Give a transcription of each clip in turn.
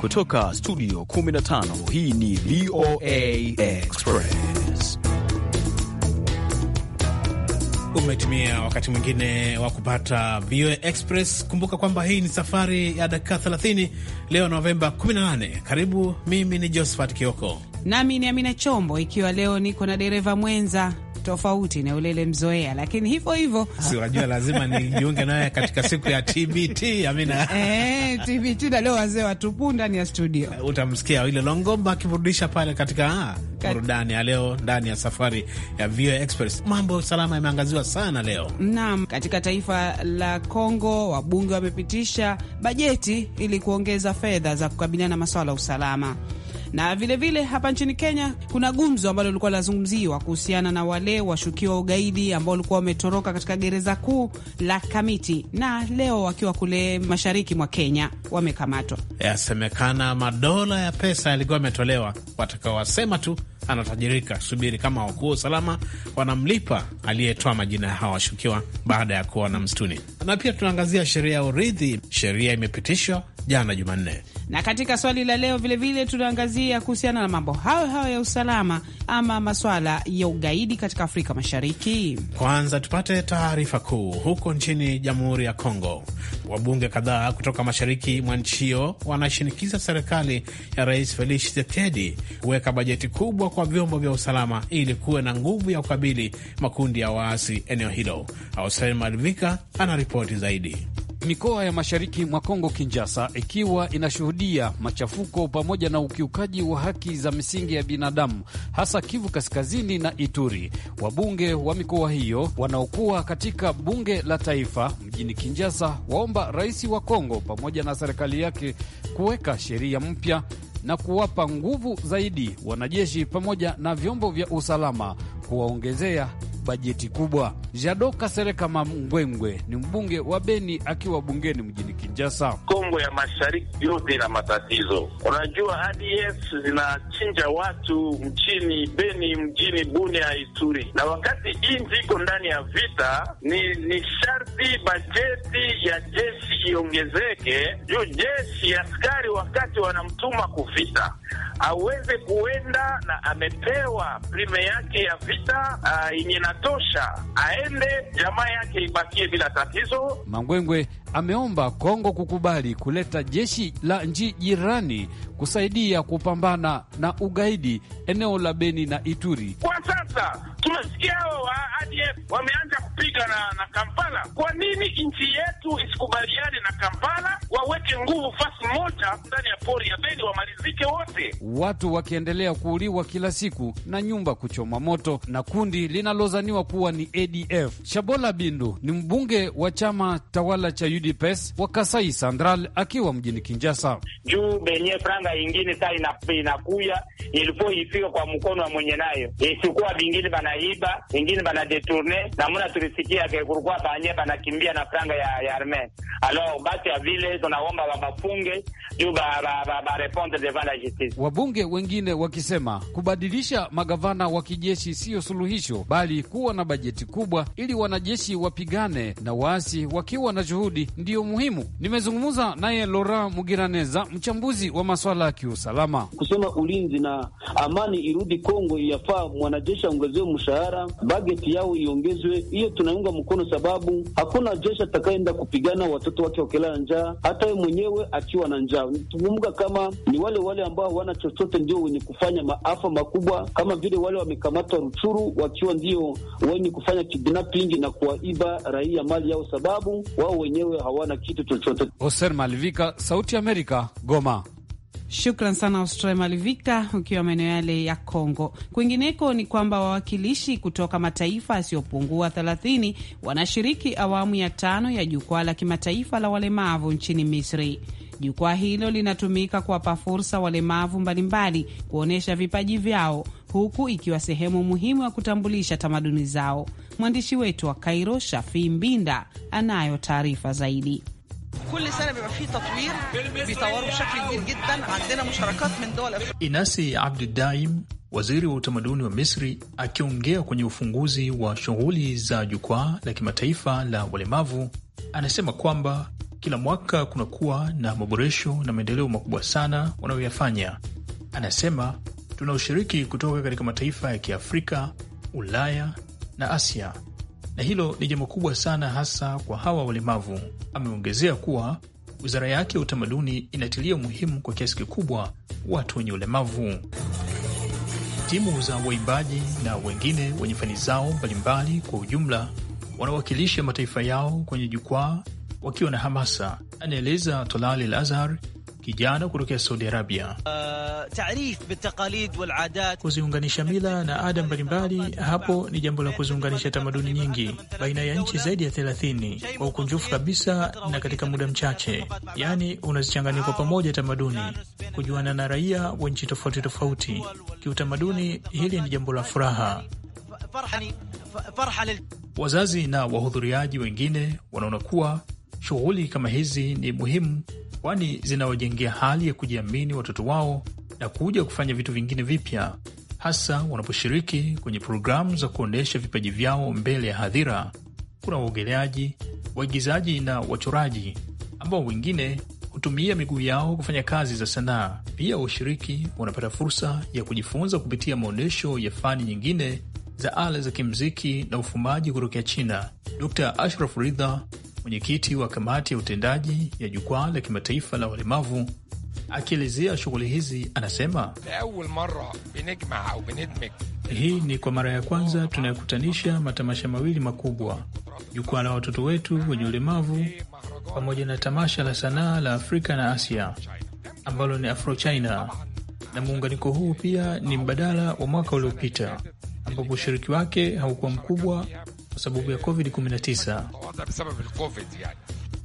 Kutoka studio 15 hii ni VOA Express. Umetumia wakati mwingine wa kupata VOA Express. Kumbuka kwamba hii ni safari ya dakika 30, leo Novemba 18. Karibu, mimi ni Josephat Kioko nami ni Amina Chombo, ikiwa leo niko na dereva mwenza tofauti na ule mzoea, lakini hivyo hivyo si unajua, lazima nijiunge naye katika siku ya TBT. Amina eh, TBT na leo wazee watupu ndani ya studio eh, utamsikia ile Longomba akiburudisha pale katika ah, burudani ya leo ndani ya safari ya VOA Express. Mambo ya usalama yameangaziwa sana leo. Naam, katika taifa la Kongo wabunge wamepitisha bajeti ili kuongeza fedha za kukabiliana na masuala ya usalama. Na vilevile vile, hapa nchini Kenya kuna gumzo ambalo lilikuwa linazungumziwa kuhusiana na wale washukiwa ugaidi ambao walikuwa wametoroka katika gereza kuu la Kamiti na leo wakiwa kule mashariki mwa Kenya wamekamatwa. Yasemekana madola ya pesa yalikuwa yametolewa, watakaowasema tu anatajirika. Subiri kama wakuu wa usalama wanamlipa aliyetoa majina ya hawa washukiwa baada ya kuwa na msituni. Na pia tunaangazia sheria ya urithi. Sheria imepitishwa jana Jumanne. Na katika swali la leo vilevile tunaangazia kuhusiana na mambo hayo hayo ya usalama ama maswala ya ugaidi katika Afrika Mashariki. Kwanza tupate taarifa kuu huko nchini Jamhuri ya Kongo. Wabunge kadhaa kutoka mashariki mwa nchi hiyo wanashinikiza serikali ya Rais Felix Tshisekedi kuweka bajeti kubwa kwa vyombo vya usalama ili kuwe na nguvu ya kukabili makundi ya waasi eneo hilo. Ausen Malvika ana ripoti zaidi. Mikoa ya mashariki mwa Kongo kinjasa ikiwa inashuhudia machafuko pamoja na ukiukaji wa haki za misingi ya binadamu, hasa Kivu Kaskazini na Ituri. Wabunge wa mikoa hiyo wanaokuwa katika bunge la taifa mjini kinjasa waomba rais wa Kongo pamoja na serikali yake kuweka sheria mpya na kuwapa nguvu zaidi wanajeshi pamoja na vyombo vya usalama, kuwaongezea bajeti kubwa. Jadoka Sereka Mangwengwe ni mbunge wa Beni akiwa bungeni mjini kinjasa Kongo ya mashariki yote ina matatizo, unajua ADF zinachinja watu mchini Beni, mjini Bunia, Ituri, na wakati nchi iko ndani ya vita, ni ni sharti bajeti ya jeshi iongezeke juu jeshi askari wakati wanamtuma kuvita aweze kuenda na amepewa prime yake ya vita ah, yenye natosha ae aende, jamaa yake ibakie bila tatizo. Mangwengwe ameomba Kongo kukubali kuleta jeshi la nchi jirani kusaidia kupambana na ugaidi eneo la Beni na Ituri. Kwa sasa tunasikia hao ADF wameanza kupiga na, na Kampala. Kwa nini nchi yetu isikubaliane na Kampala, waweke nguvu fasi moja ndani ya pori ya Beni wamalizike wote, watu wakiendelea kuuliwa kila siku na nyumba kuchoma moto na kundi linalozaniwa kuwa ni ADF. Shabola Bindu ni mbunge wa chama tawala cha UDPS wa Kasai Central akiwa mjini Kinjasa. Juu benye franga ingine saa inakuya ilikuwa ifika kwa mkono wa mwenye nayo isikuwa, bingine banaiba, vingine bana deturne namuna tulisikia kulikuwa kanye banakimbia na franga ya, ya arme alors basi ya vile tunaomba wabafunge juu barepondre ba, ba, ba devant la justice. Wabunge wengine wakisema kubadilisha magavana wa kijeshi siyo suluhisho, bali kuwa na bajeti kubwa ili wanajeshi wapigane na waasi wakiwa na juhudi ndiyo muhimu. Nimezungumza naye Laurent Mugiraneza, mchambuzi wa maswala ya kiusalama. Kusema ulinzi na amani irudi Kongo, yafaa mwanajeshi aongezewe mshahara bageti yao iongezwe. Hiyo tunaunga mkono, sababu hakuna jeshi atakayeenda kupigana watoto wake wakilala njaa, hata ye mwenyewe akiwa na njaa. Tukumbuka kama ni wale wale ambao hawana chochote ndio wenye kufanya maafa makubwa, kama vile wale wamekamatwa Ruchuru wakiwa ndio wenye kufanya kidnapping na kuwaiba raia mali yao, sababu wao wenyewe hawana kitu chochote. Hoser Malivika, Sauti ya Amerika, Goma. Shukran sana Australia Malivika, ukiwa maeneo yale ya Congo. Kwingineko ni kwamba wawakilishi kutoka mataifa yasiyopungua 30 wanashiriki awamu ya tano ya jukwaa la kimataifa la walemavu nchini Misri. Jukwaa hilo linatumika kuwapa fursa walemavu mbalimbali kuonyesha vipaji vyao, huku ikiwa sehemu muhimu ya kutambulisha tamaduni zao. Mwandishi wetu wa Kairo, Shafii Mbinda, anayo taarifa zaidi. كل سنه بيبقى فيه تطوير بيطوروا بشكل كبير جدا عندنا مشاركات من دول أفريقيا. إناسي عبد الدايم waziri wa utamaduni wa Misri akiongea kwenye ufunguzi wa shughuli za jukwaa la kimataifa la walemavu anasema kwamba kila mwaka kunakuwa na maboresho na maendeleo makubwa sana wanayoyafanya. Anasema tuna ushiriki kutoka katika mataifa ya Kiafrika, Ulaya na Asia na hilo ni jambo kubwa sana, hasa kwa hawa walemavu. Ameongezea kuwa wizara yake ya utamaduni inatilia umuhimu kwa kiasi kikubwa watu wenye ulemavu. Timu za waimbaji na wengine wenye fani zao mbalimbali kwa ujumla wanawakilisha mataifa yao kwenye jukwaa wakiwa na hamasa, anaeleza Tolali Lazar, kijana kutokea Saudi Arabia uh, kuziunganisha mila na ada mbalimbali. Hapo ni jambo la kuziunganisha tamaduni nyingi baina ya nchi zaidi ya thelathini kwa ukunjufu kabisa na katika muda mchache, yaani unazichanganya kwa pamoja tamaduni, kujuana na raia wa nchi tofauti tofauti. Kiutamaduni hili ni jambo la furaha. Wazazi na wahudhuriaji wengine wanaona kuwa Shughuli kama hizi ni muhimu, kwani zinawajengea hali ya kujiamini watoto wao na kuja kufanya vitu vingine vipya, hasa wanaposhiriki kwenye programu za kuonyesha vipaji vyao mbele ya hadhira. Kuna waogeleaji, waigizaji na wachoraji ambao wengine hutumia miguu yao kufanya kazi za sanaa. Pia washiriki wanapata fursa ya kujifunza kupitia maonyesho ya fani nyingine za ala za kimziki na ufumaji kutokea China. Dr Ashraf Ridha mwenyekiti wa kamati ya utendaji ya jukwaa la kimataifa la walemavu. Akielezea shughuli hizi anasema, hii ni kwa mara ya kwanza tunayokutanisha matamasha mawili makubwa, jukwaa la watoto wetu wenye ulemavu pamoja na tamasha la sanaa la Afrika na Asia ambalo ni Afrochina, na muunganiko huu pia ni mbadala wa mwaka uliopita ambapo ushiriki wake haukuwa mkubwa sababu ya COVID-19.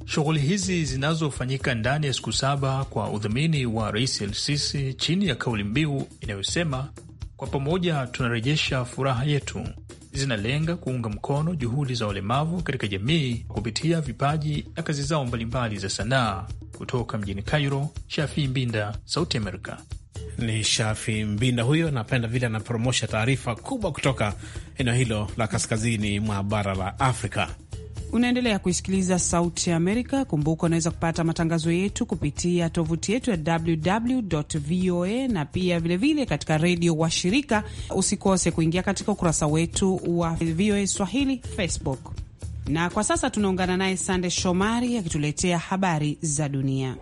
Shughuli hizi zinazofanyika ndani ya siku saba kwa udhamini wa Rais El-Sisi chini ya kauli mbiu inayosema kwa pamoja tunarejesha furaha yetu, zinalenga kuunga mkono juhudi za walemavu katika jamii kupitia vipaji na kazi zao mbalimbali za sanaa. Kutoka mjini Cairo, Shafii Mbinda, Sauti Amerika. Ni Shafi Mbinda huyo, napenda vile anapromosha taarifa kubwa kutoka eneo hilo la kaskazini mwa bara la Afrika. Unaendelea kuisikiliza Sauti ya Amerika. Kumbuka unaweza kupata matangazo yetu kupitia tovuti yetu ya www voa na pia vilevile vile katika redio wa shirika. Usikose kuingia katika ukurasa wetu wa VOA Swahili Facebook. Na kwa sasa tunaungana naye Sande Shomari akituletea habari za dunia.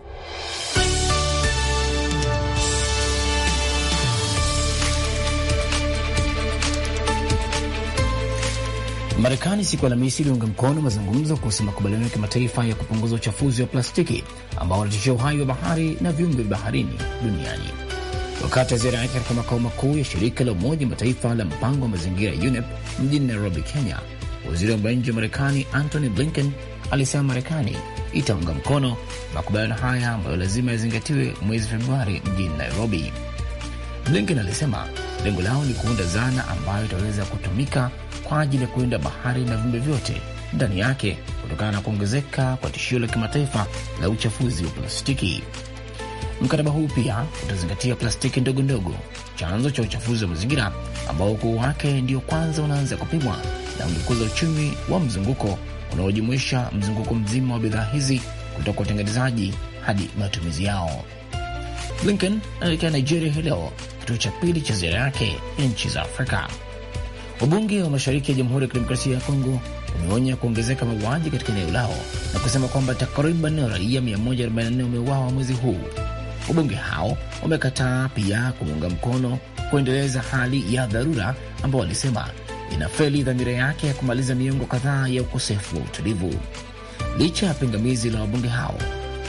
Marekani siku Alhamisi iliunga mkono mazungumzo kuhusu makubaliano ya kimataifa ya kupunguza uchafuzi wa plastiki ambao wanatishia uhai wa bahari na viumbe vya baharini duniani. Wakati wa ziara yake katika makao makuu ya shirika la Umoja Mataifa la mpango wa mazingira UNEP mjini Nairobi, Kenya, waziri wa mambo ya nje wa Marekani Antony Blinken alisema Marekani itaunga mkono makubaliano haya ambayo lazima yazingatiwe mwezi Februari mjini Nairobi. Blinken alisema lengo lao ni kuunda zana ambayo itaweza kutumika kwa ajili ya kulinda bahari na viumbe vyote ndani yake kutokana na kuongezeka kwa tishio la kimataifa la uchafuzi wa plastiki. Mkataba huu pia utazingatia plastiki ndogo ndogo, chanzo cha uchafuzi wa mazingira ambao ukuu wake ndio kwanza unaanza kupimwa, na ungekuza uchumi wa mzunguko unaojumuisha mzunguko mzima wa bidhaa hizi kutoka utengenezaji hadi matumizi yao. Blinken anaelekea Nigeria hii leo kituo cha pili cha ziara yake nchi za Afrika. Wabunge wa mashariki ya Jamhuri ya Kidemokrasia ya Kongo wameonya kuongezeka mauaji katika eneo lao na kusema kwamba takriban raia 144 wameuawa mwezi huu. Wabunge hao wamekataa pia kuunga mkono kuendeleza hali ya dharura ambao walisema inafeli dhamira yake ya kumaliza miongo kadhaa ya ukosefu wa utulivu. Licha ya pingamizi la wabunge hao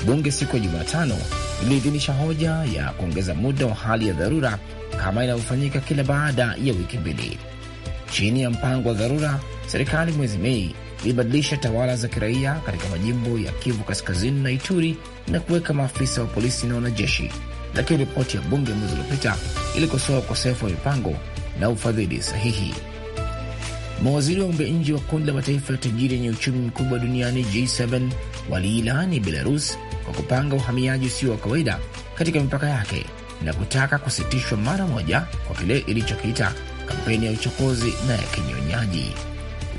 bunge siku ya Jumatano iliidhinisha hoja ya kuongeza muda wa hali ya dharura kama inavyofanyika kila baada ya wiki mbili. Chini ya mpango wa dharura, serikali mwezi Mei ilibadilisha tawala za kiraia katika majimbo ya Kivu Kaskazini na Ituri na kuweka maafisa wa polisi na wanajeshi, lakini ripoti ya bunge mwezi uliopita ilikosoa ukosefu wa mipango na ufadhili sahihi. Mawaziri wa mambo ya nje wa kundi la mataifa ya tajiri yenye uchumi mkubwa duniani G7 waliilaani Belarus kwa kupanga uhamiaji usio wa kawaida katika mipaka yake na kutaka kusitishwa mara moja kwa kile ilichokiita kampeni ya uchokozi na ya kinyonyaji.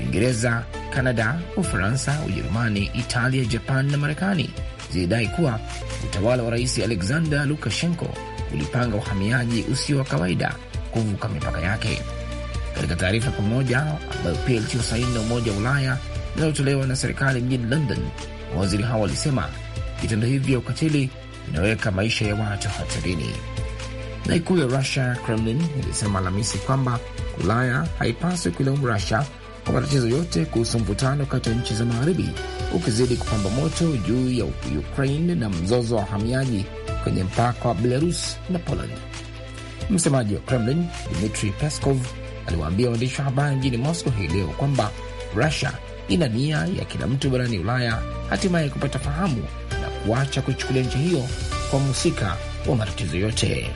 Uingereza, Kanada, Ufaransa, Ujerumani, Italia, Japan na Marekani zilidai kuwa utawala wa Rais Alexander Lukashenko ulipanga uhamiaji usio wa kawaida kuvuka mipaka yake. Katika taarifa pamoja ambayo pia ilitiwa saini na Umoja wa Ulaya inayotolewa na serikali mjini London Mawaziri hao walisema vitendo hivi vya ukatili vinaweka maisha ya watu hatarini. Na ikulu ya Rusia, Kremlin, ilisema Alhamisi kwamba Ulaya haipaswi kuilaumu Rusia kwa matatizo yote kuhusu mvutano kati ya nchi za magharibi ukizidi kupamba moto juu ya Ukraine na mzozo wa wahamiaji kwenye mpaka wa Belarus na Poland. Msemaji wa Kremlin Dmitri Peskov aliwaambia waandishi wa habari mjini Moscow hii leo kwamba Rusia ina nia ya kila mtu barani Ulaya hatimaye kupata fahamu na kuacha kuchukulia nchi hiyo kwa mhusika wa matatizo yote.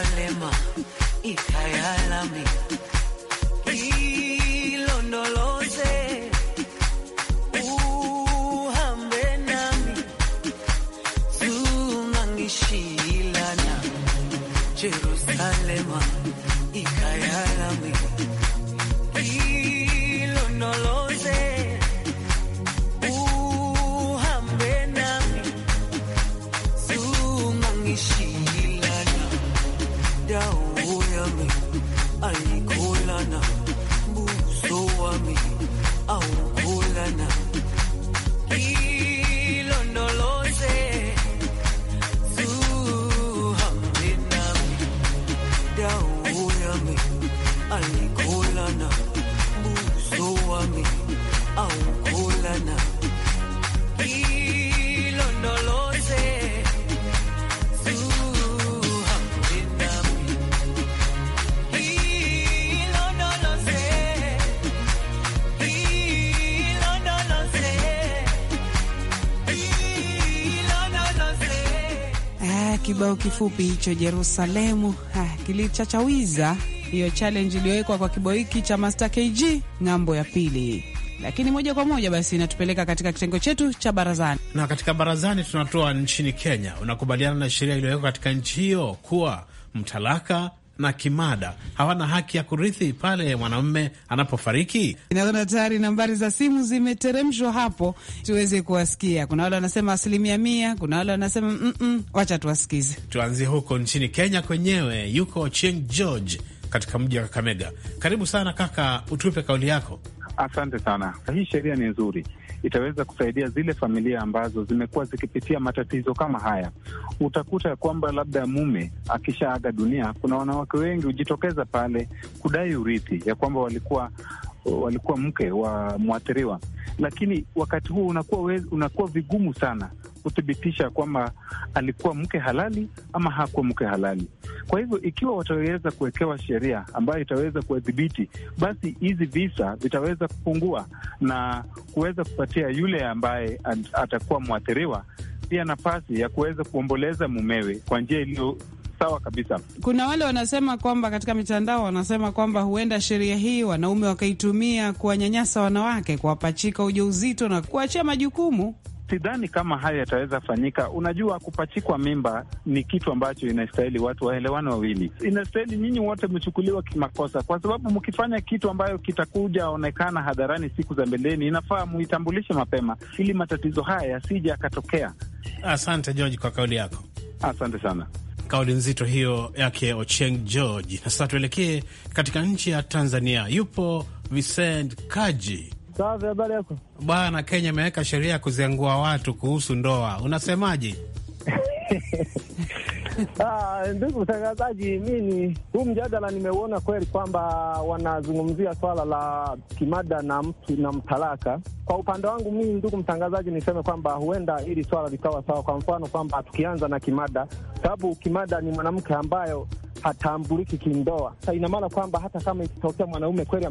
ikalema ikayalami kifupi hicho Jerusalemu kilichachawiza hiyo challenge iliyowekwa kwa kibao hiki cha Master KG ng'ambo ya pili. Lakini moja kwa moja basi inatupeleka katika kitengo chetu cha barazani, na katika barazani tunatoa nchini Kenya. Unakubaliana na sheria iliyowekwa katika nchi hiyo kuwa mtalaka na kimada hawana haki ya kurithi pale mwanamume anapofariki. Inaona tayari nambari za simu zimeteremshwa hapo tuweze kuwasikia. Kuna wale wanasema asilimia mia, kuna wale wanasema mm -mm, wacha tuwasikize. Tuanzie huko nchini Kenya kwenyewe, yuko Cheng George katika mji wa Kakamega. Karibu sana kaka, utupe kauli yako. Asante sana. Hii sheria ni nzuri, itaweza kusaidia zile familia ambazo zimekuwa zikipitia matatizo kama haya. Utakuta ya kwamba labda mume akishaaga dunia, kuna wanawake wengi hujitokeza pale kudai urithi, ya kwamba walikuwa walikuwa mke wa mwathiriwa, lakini wakati huo unakuwa, unakuwa vigumu sana kuthibitisha kwamba alikuwa mke halali ama hakuwa mke halali. Kwa hivyo, ikiwa wataweza kuwekewa sheria ambayo itaweza kuwadhibiti, basi hizi visa vitaweza kupungua na kuweza kupatia yule ambaye atakuwa mwathiriwa pia nafasi ya kuweza kuomboleza mumewe kwa njia iliyo sawa kabisa. Kuna wale wanasema kwamba katika mitandao wanasema kwamba huenda sheria hii wanaume wakaitumia kuwanyanyasa wanawake, kuwapachika ujauzito na kuachia majukumu sidhani kama haya yataweza fanyika. Unajua, kupachikwa mimba ni kitu ambacho inastahili watu waelewane wawili, inastahili nyinyi wote mchukuliwa kimakosa, kwa sababu mkifanya kitu ambayo kitakuja onekana hadharani siku za mbeleni, inafaa muitambulishe mapema ili matatizo haya yasija yakatokea. Asante George kwa kauli yako, asante sana. Kauli nzito hiyo yake Ocheng George. Na sasa tuelekee katika nchi ya Tanzania, yupo Vincent Kaji Safi, habari yako bwana. Kenya imeweka sheria ya kuzengua watu kuhusu ndoa, unasemaje? Ah, ndugu mtangazaji, mimi huu mjadala nimeuona kweli kwamba wanazungumzia swala la kimada na mtu na mtalaka. Kwa upande wangu mimi, ndugu mtangazaji, niseme kwamba huenda hili swala likawa sawa. Kwa mfano kwamba tukianza na kimada, sababu kimada ni mwanamke ambayo hatambuliki kindoa. Ina maana kwamba hata kama ikitokea mwanaume kweli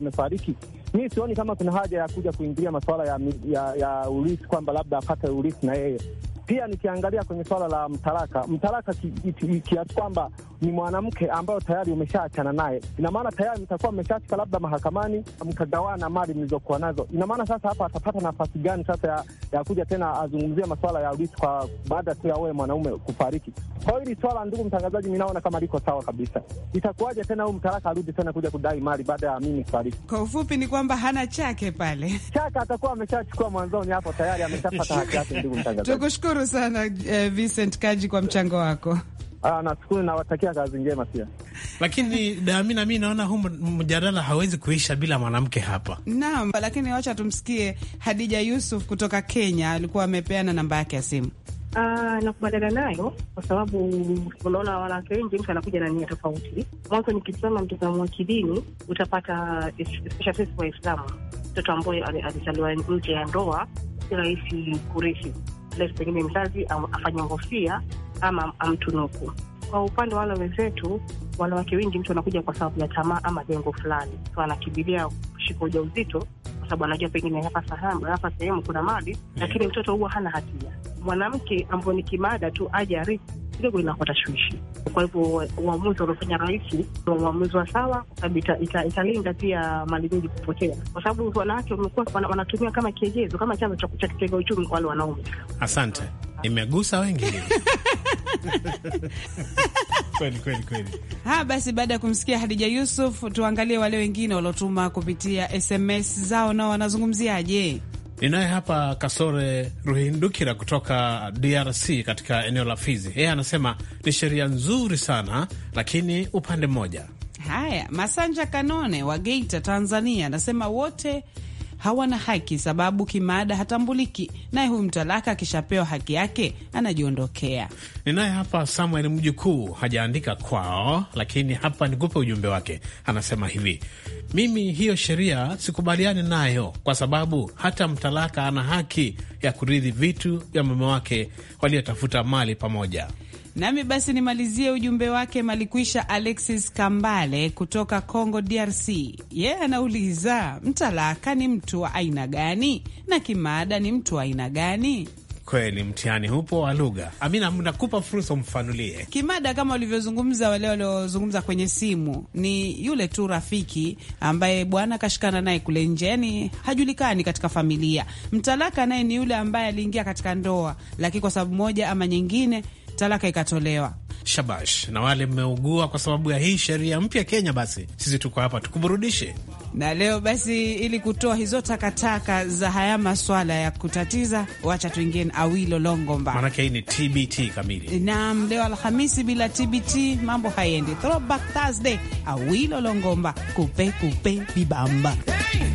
amefariki, mi sioni kama kuna haja ya kuja kuingilia masuala ya, ya, ya ulisi kwamba labda apate ulisi na yeye pia nikiangalia kwenye swala la mtaraka mtaraka kiasi kwamba ni mwanamke ambayo tayari umeshaachana naye, ina maana tayari mtakuwa mmeshafika labda mahakamani mkagawana mali mlizokuwa nazo. Ina maana sasa hapa atapata nafasi gani sasa ya, ya kuja tena azungumzia masuala ya urithi kwa baada tu ya wewe mwanaume kufariki? Kwa hiyo hili swala, ndugu mtangazaji, ninaona kama liko sawa kabisa. Itakuwaje tena huyu mtaraka arudi tena kuja kudai mali baada ya mimi kufariki? Kwa ufupi ni kwamba hana chake pale, chake atakuwa ameshachukua mwanzoni hapo, tayari ameshapata haki yake. Ndugu mtangazaji, tukushukuru sana eh, Vincent Kaji kwa mchango wako. Ah, Nashukuru, nawatakia kazi njema pia. Lakini Damina, mi naona huu mjadala hawezi kuisha bila mwanamke hapa. Naam, lakini wacha tumsikie Hadija Yusuf kutoka Kenya, alikuwa amepeana namba yake ya simu. Uh, nakubaliana nayo kwa sababu unaona wanawake wengi, mtu anakuja na nia tofauti. Mwanzo nikisema mtazamo wa kidini, utapata especially Waislamu, mtoto ambaye alizaliwa nje ya ndoa si rahisi kurithi, pengine mzazi afanye ngofia ama amtunuku. Kwa upande wa wale wenzetu, wanawake wengi, mtu anakuja kwa sababu ya tamaa ama lengo fulani, so anakimbilia kushika ujauzito kwa sababu anajua pengine hapa sehemu kuna mali, mm. lakini mtoto huwa hana hatia mwanamke ambayo ni kimada tu aje arifu kidogo inakuwa tashwishi. Kwa hivyo uamuzi waliofanya rahisi ni uamuzi wa sawa, kwa sababu italinda ita, ita pia mali nyingi kupotea, kwa sababu wanawake wamekuwa wanatumia kama kiegezo, kama chanzo cha kutega uchumi kwa wale wanaume. Asante, imegusa wengi Kweli, kweli, kweli. Ha, basi baada ya kumsikia Hadija Yusuf, tuangalie wale wengine waliotuma kupitia SMS zao, nao wanazungumziaje? Ninaye hapa Kasore Ruhindukira kutoka DRC katika eneo la Fizi. Yeye anasema ni sheria nzuri sana, lakini upande mmoja. Haya, Masanja Kanone wa Geita, Tanzania, anasema wote hawana haki, sababu kimaada hatambuliki, naye huyu mtalaka akishapewa haki yake anajiondokea. Ninaye hapa Samuel mjukuu, hajaandika kwao, lakini hapa nikupe ujumbe wake. Anasema hivi: mimi hiyo sheria sikubaliani nayo, kwa sababu hata mtalaka ana haki ya kurithi vitu vya mume wake waliotafuta mali pamoja Nami basi nimalizie ujumbe wake Malikwisha Alexis Kambale kutoka Congo DRC. Yeye yeah, anauliza mtalaka ni mtu wa aina gani na kimada ni mtu wa aina gani? Kweli mtihani hupo wa lugha. Amina, nakupa fursa umfanulie kimada. Kama ulivyozungumza, wale waliozungumza kwenye simu ni yule tu rafiki ambaye bwana kashikana naye kule nje, yani hajulikani katika familia. Mtalaka naye ni yule ambaye aliingia katika ndoa, lakini kwa sababu moja ama nyingine talaka ikatolewa. Shabash, na wale mmeugua kwa sababu ya hii sheria mpya Kenya, basi sisi tuko hapa tukuburudishe na leo basi, ili kutoa hizo takataka za haya maswala ya kutatiza, wacha tuingie na Awilo Longomba, maanake hii ni TBT kamili. Naam, leo Alhamisi bila TBT mambo haendi. Throwback Thursday, Awilo Longomba, kupe kupe bibamba, hey!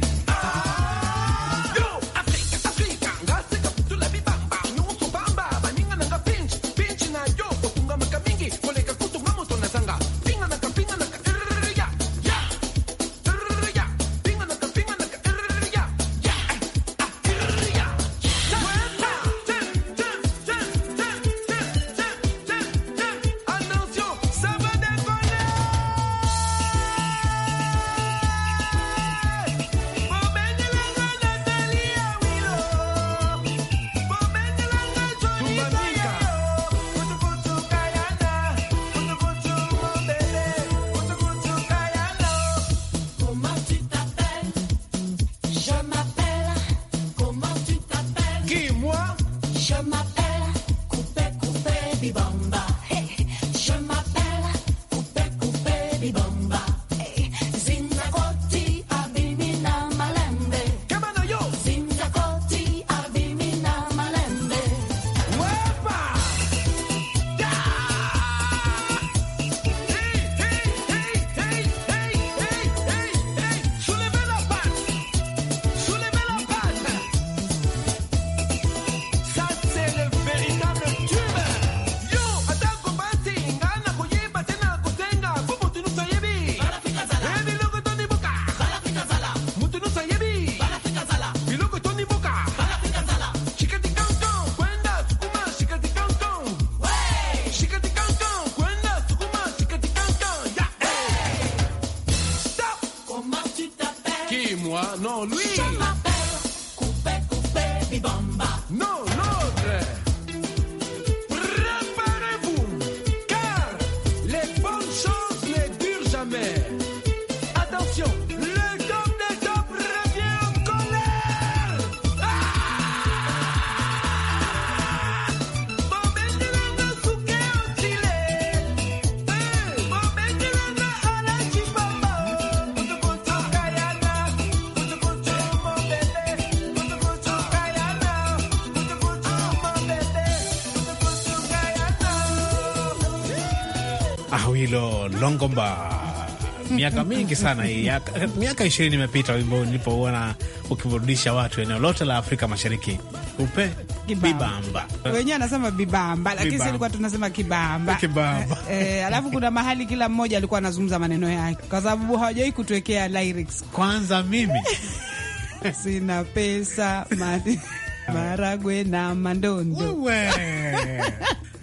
Awilo ah, Longomba miaka mingi sana hii miaka ishirini imepita, wimbo nilipouona ukiburudisha watu eneo lote la Afrika Mashariki upe Bibamba wenyewe anasema bibamba, lakini sisi tulikuwa tunasema kibamba, kibamba. Eh, alafu kuna mahali kila mmoja alikuwa anazungumza maneno yake, kwa sababu hawajawahi kutuwekea lyrics. Kwanza mimi sina pesa mali maragwe na mandondo.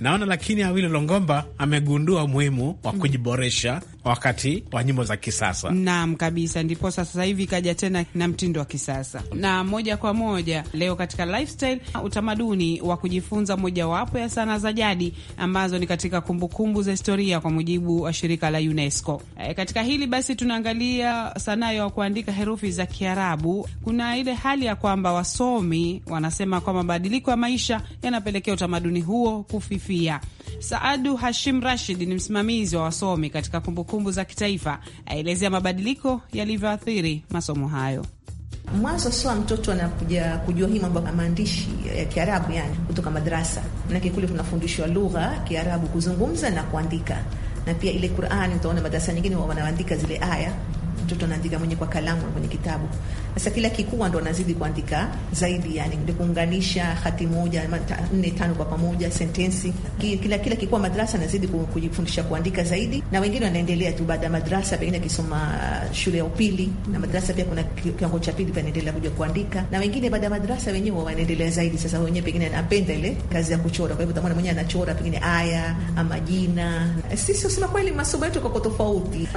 Naona lakini Awilo Longomba amegundua umuhimu wa mm. kujiboresha wakati wa nyimbo za kisasa. Naam, kabisa. Ndipo sasa hivi ikaja tena na mtindo wa kisasa, na moja kwa moja leo katika lifestyle, utamaduni wa kujifunza mojawapo ya sanaa za jadi ambazo ni katika kumbukumbu za historia kwa mujibu wa shirika la UNESCO. E, katika hili basi tunaangalia sanaa ya kuandika herufi za Kiarabu. Kuna ile hali ya kwamba wasomi wanasema kwamba mabadiliko ya maisha yanapelekea utamaduni huo kufifia. Saadu Hashim Rashid ni msimamizi wa wasomi katika kumbukumbu za kitaifa, aelezea mabadiliko yalivyoathiri masomo hayo. Mwanzo sawa, mtoto anakuja kujua hii mambo ya maandishi ya Kiarabu yani kutoka madrasa, manake kule tunafundishwa lugha Kiarabu, kuzungumza na kuandika, na pia ile Qur'ani. Utaona madarasa nyingine wanaandika zile aya, mtoto anaandika mwenye kwa kalamu na kwenye kitabu sasa kila kikubwa ndo anazidi kuandika zaidi, yani ndio kuunganisha hati moja nne tano kwa pamoja sentensi. Kila kila kikubwa madrasa anazidi kujifundisha kuandika zaidi, na wengine wanaendelea tu baada ya madrasa, pengine akisoma shule ya upili na madrasa, pia kuna kiwango cha pili panaendelea kuja kuandika, na wengine baada ya madrasa wenyewe wanaendelea zaidi. Sasa wenyewe pengine anapenda ile kazi ya kuchora, kwa hivyo tamwona mwenyewe anachora pengine aya ama jina. Sisi usema kweli, masomo yetu kwa tofauti,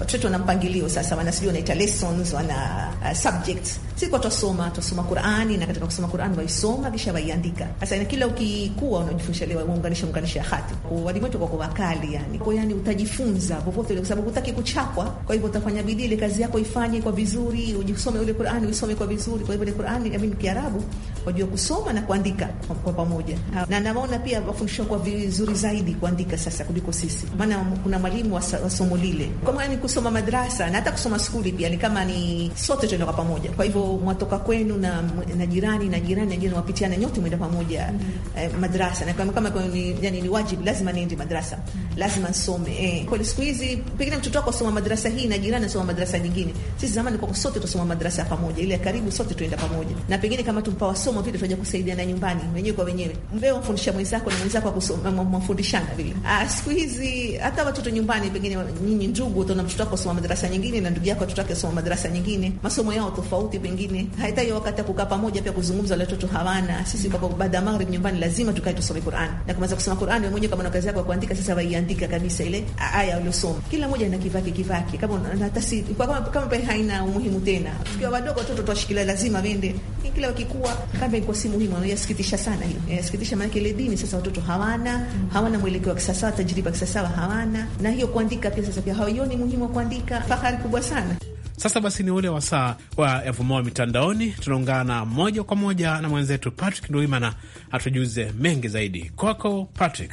watoto wana mpangilio sasa, wanasijua wanaita lessons, wana uh, subjects kwa twasoma twasoma Qur'ani na katika kusoma Qur'ani waisoma kisha waiandika. Sasa na kila ukikuwa unajifunza leo waunganisha unganisha hati walimu wetu wako wakali, yani kwa yani utajifunza popote, kwa sababu hutaki kuchapwa. Kwa hivyo utafanya bidii ile kazi yako ifanye kwa vizuri, ujisome ule Qur'ani uisome kwa vizuri. Kwa hivyo ile Qur'ani I mean Kiarabu wajua kusoma na kuandika kwa pamoja, na naona pia wafundishwa kwa vizuri zaidi kuandika sasa kuliko sisi, maana kuna mwalimu wa somo lile, kwa maana ni kusoma madrasa na hata kusoma skuli pia ni kama ni sote tuenda kwa pamoja. Kwa hivyo mwatoka kwenu na na jirani na jirani na wapitiana nyote mwenda pamoja eh, madrasa na kama kama ni, yani, ni wajibu lazima niende madrasa, lazima nisome eh. Kwa siku hizi pengine mtoto wako asoma madrasa hii na jirani asoma madrasa nyingine. Sisi zamani kwa sote tusoma madrasa pamoja, ile karibu sote tuenda pamoja, na pengine kama tumpawa masomo vile tunaje kusaidiana nyumbani wenyewe kwa wenyewe, mbeo mfundisha mwenzako na mwenzako kusoma mafundishana vile. Ah, siku hizi hata watoto nyumbani, pengine nyinyi ndugu, utaona mtoto wako soma madrasa nyingine na ndugu yako mtoto wake soma madrasa nyingine, masomo yao tofauti, pengine haitaji wakati kukaa pamoja pia kuzungumza, wale watoto hawana. Sisi kwa baada ya maghrib nyumbani lazima tukae tusome Qur'an, na kama kusoma Qur'an wewe mwenyewe, kama na kazi yako kuandika, sasa waiandika kabisa ile aya uliosoma, kila mmoja ana kivake kivake, kama hata si kama kama pe haina umuhimu tena. Tukiwa wadogo watoto twashikilia, lazima wende, kila wakikua labda ilikuwa si muhimu. Anasikitisha sana hiyo, anasikitisha maana ile dini sasa watoto hawana hawana mwelekeo wa kisasa, tajriba kisasa hawana, na hiyo kuandika pia sasa pia hawaioni muhimu wa kuandika, fahari kubwa sana. Sasa basi ni ule wasaa wa yavumayo mitandaoni. Tunaungana moja kwa moja na mwenzetu Patrick Nduimana atujuze mengi zaidi. Kwako Patrick.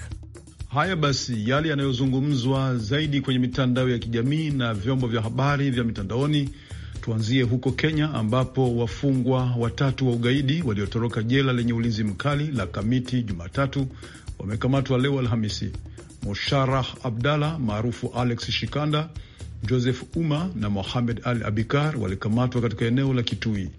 Haya basi, yale yanayozungumzwa zaidi kwenye mitandao ya kijamii na vyombo vya habari vya mitandaoni Tuanzie huko Kenya ambapo wafungwa watatu wa ugaidi waliotoroka jela lenye ulinzi mkali la Kamiti Jumatatu wamekamatwa leo Alhamisi. Musharah Abdallah maarufu Alex Shikanda, Joseph Uma na Mohamed Al Abikar walikamatwa katika eneo la Kitui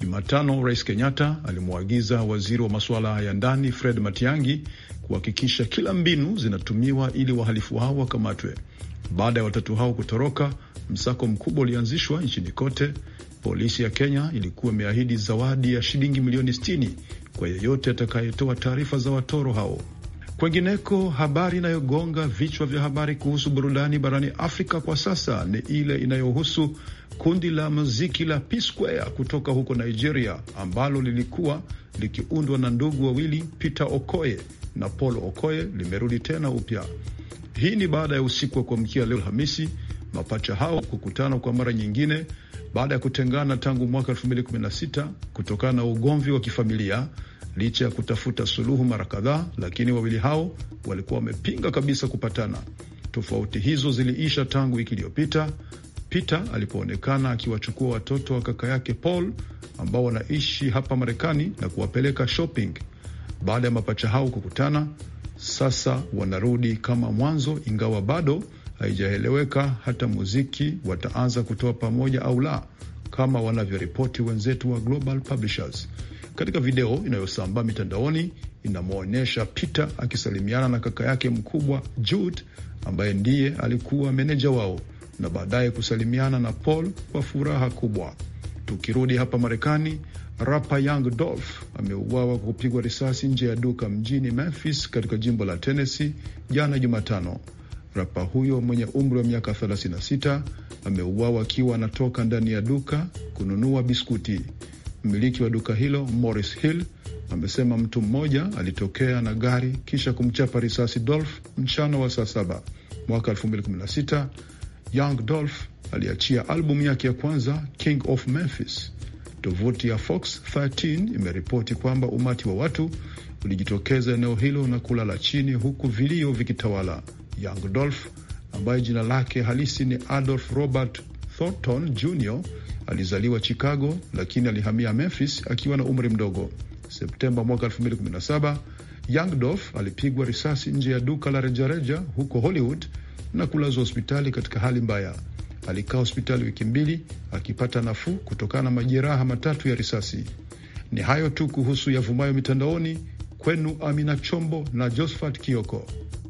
Jumatano. Rais Kenyatta alimwagiza waziri wa masuala ya ndani Fred Matiang'i kuhakikisha kila mbinu zinatumiwa ili wahalifu hao wakamatwe. Baada ya watatu hao kutoroka, msako mkubwa ulianzishwa nchini kote. Polisi ya Kenya ilikuwa imeahidi zawadi ya shilingi milioni 60 kwa yeyote atakayetoa taarifa za watoro hao. Kwengineko, habari inayogonga vichwa vya habari kuhusu burudani barani Afrika kwa sasa ni ile inayohusu kundi la muziki la P Square kutoka huko Nigeria, ambalo lilikuwa likiundwa na ndugu wawili Peter Okoye na Paul Okoye, limerudi tena upya. Hii ni baada ya usiku wa kuamkia leo Alhamisi mapacha hao kukutana kwa mara nyingine baada ya kutengana tangu mwaka 2016 kutokana na ugomvi wa kifamilia. Licha ya kutafuta suluhu mara kadhaa, lakini wawili hao walikuwa wamepinga kabisa kupatana. Tofauti hizo ziliisha tangu wiki iliyopita Peter alipoonekana akiwachukua watoto wa kaka yake Paul ambao wanaishi hapa Marekani na kuwapeleka shopping. Baada ya mapacha hao kukutana, sasa wanarudi kama mwanzo, ingawa bado haijaeleweka hata muziki wataanza kutoa pamoja au la, kama wanavyoripoti wenzetu wa Global Publishers. Katika video inayosambaa mitandaoni inamwonyesha Peter akisalimiana na kaka yake mkubwa Jude ambaye ndiye alikuwa meneja wao na baadaye kusalimiana na Paul kwa furaha kubwa. Tukirudi hapa Marekani, Rapa Young Dolph ameuawa kwa kupigwa risasi nje ya duka mjini Memphis katika jimbo la Tennessee jana Jumatano. Rapa huyo mwenye umri wa miaka 36 ameuawa akiwa anatoka ndani ya duka kununua biskuti. Mmiliki wa duka hilo Morris Hill amesema mtu mmoja alitokea na gari kisha kumchapa risasi Dolph mchana wa saa saba. Mwaka 2016 Young Dolph aliachia albumu yake ya kwanza King of Memphis. Tovuti ya Fox 13 imeripoti kwamba umati wa watu ulijitokeza eneo hilo na kulala chini huku vilio vikitawala. Young Dolph ambaye jina lake halisi ni Adolf Robert Thornton Jr alizaliwa Chicago lakini alihamia Memphis akiwa na umri mdogo. Septemba mwaka 2017 Young Dolph alipigwa risasi nje ya duka la rejareja huko Hollywood na kulazwa hospitali katika hali mbaya alikaa hospitali wiki mbili akipata nafuu kutokana na majeraha matatu ya risasi. Ni hayo tu kuhusu yavumayo mitandaoni. Kwenu Amina Chombo na Josephat Kioko.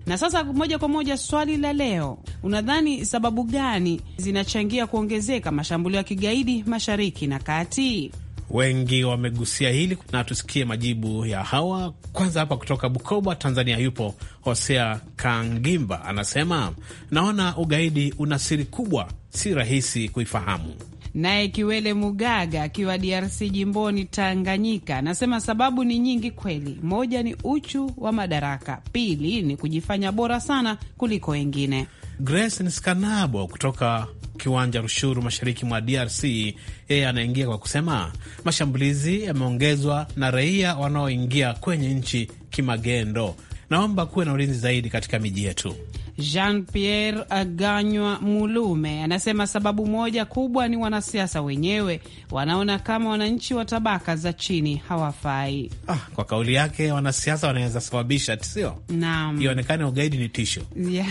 Na sasa moja kwa moja swali la leo, unadhani sababu gani zinachangia kuongezeka mashambulio ya kigaidi mashariki na kati? Wengi wamegusia hili na tusikie majibu ya hawa. Kwanza hapa kutoka Bukoba, Tanzania, yupo Hosea Kangimba anasema, naona ugaidi una siri kubwa si rahisi kuifahamu. Naye Kiwele Mugaga akiwa DRC jimboni Tanganyika anasema sababu ni nyingi kweli. Moja ni uchu wa madaraka, pili ni kujifanya bora sana kuliko wengine. Grace Nskanabo kutoka kiwanja Rushuru, mashariki mwa DRC, yeye anaingia kwa kusema mashambulizi yameongezwa na raia wanaoingia kwenye nchi kimagendo. Naomba kuwe na ulinzi zaidi katika miji yetu. Jean Pierre Aganywa Mulume anasema sababu moja kubwa ni wanasiasa wenyewe, wanaona kama wananchi wa tabaka za chini hawafai. Ah, kwa kauli yake wanasiasa wanaweza sababisha, sio naam, ionekane ugaidi ni tisho. Yeah.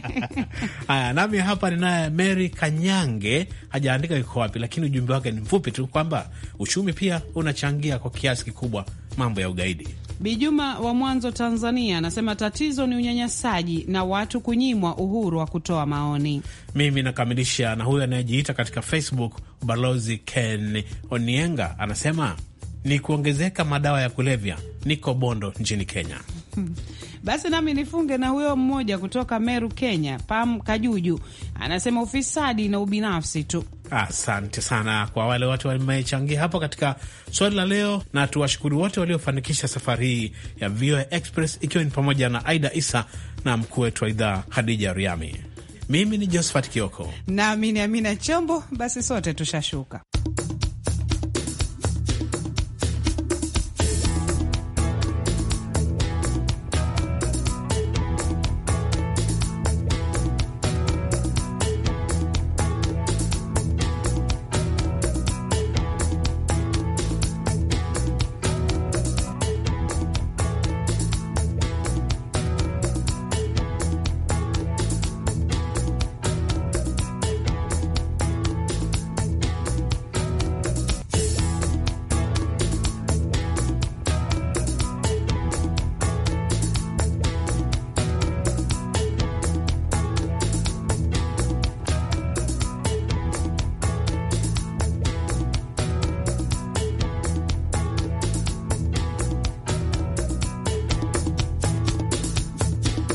Haya, nami hapa ninaye Mary Kanyange, hajaandika iko wapi, lakini ujumbe wake ni mfupi tu kwamba uchumi pia unachangia kwa kiasi kikubwa mambo ya ugaidi. Bijuma wa Mwanzo, Tanzania, anasema tatizo ni unyanyasaji na watu kunyimwa uhuru wa kutoa maoni. Mimi nakamilisha na huyo anayejiita katika Facebook Balozi Ken Onienga anasema ni kuongezeka madawa ya kulevya niko Bondo nchini Kenya. Basi nami nifunge na huyo mmoja kutoka Meru, Kenya, Pam Kajuju anasema ufisadi na ubinafsi tu. Asante sana kwa wale watu wamechangia hapo katika swali la leo, na tuwashukuru wote waliofanikisha safari hii ya VOA Express, ikiwa ni pamoja na Aida Isa na mkuu wetu wa idhaa Hadija Riami. Mimi ni Josephat Kioko nami ni Amina Chombo. Basi sote tushashuka.